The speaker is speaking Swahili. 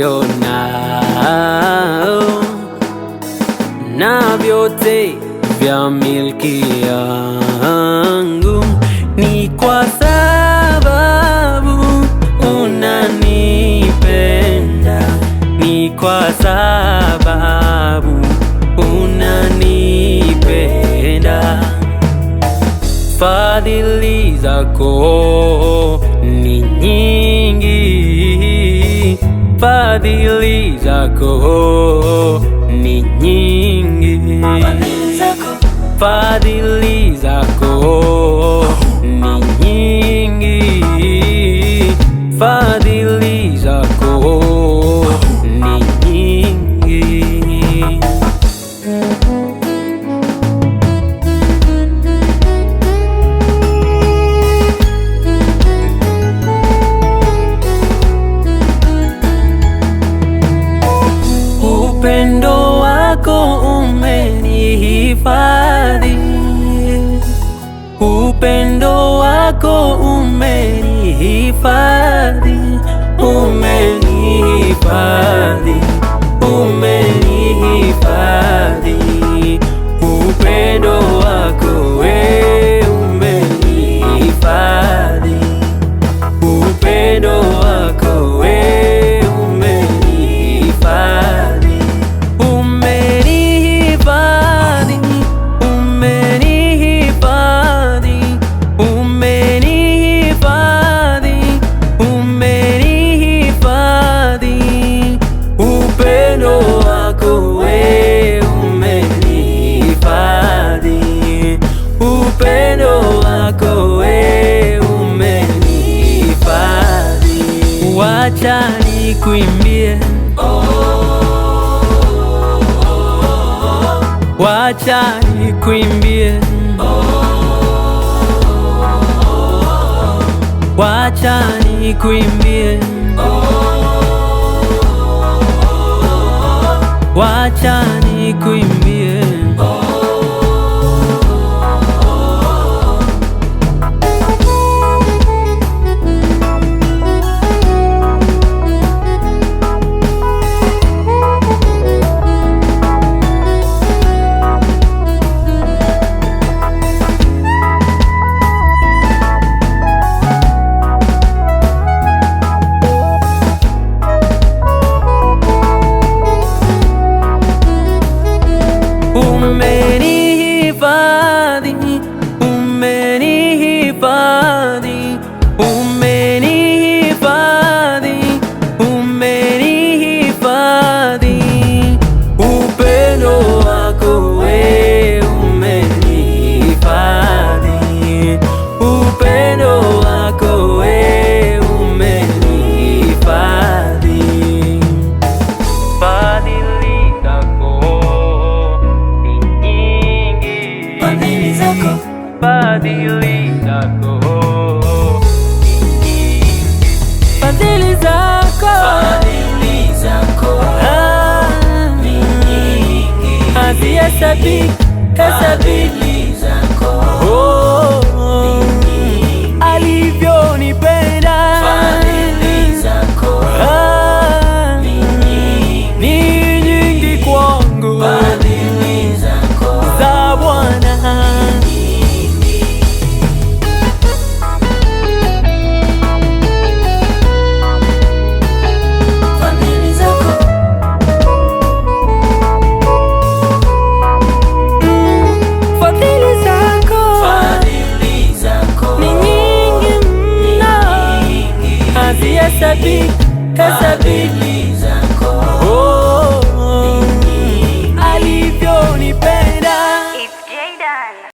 niliona na vyote vya milki yangu ni kwa sababu unanipenda, ni kwa sababu unanipenda, fadhili zako Fadhili zako ni nyingi, fadhili zako Upendo wako umenihifadhi, upendo wako umenihifadhi, umenihifadhi, umenihifadhi. Acha nikuimbie, wacha nikuimbie, wacha nikuimbie, wacha nikuimbie zako fadhili zako ah, hazihesabiki Sabili, Kasabili,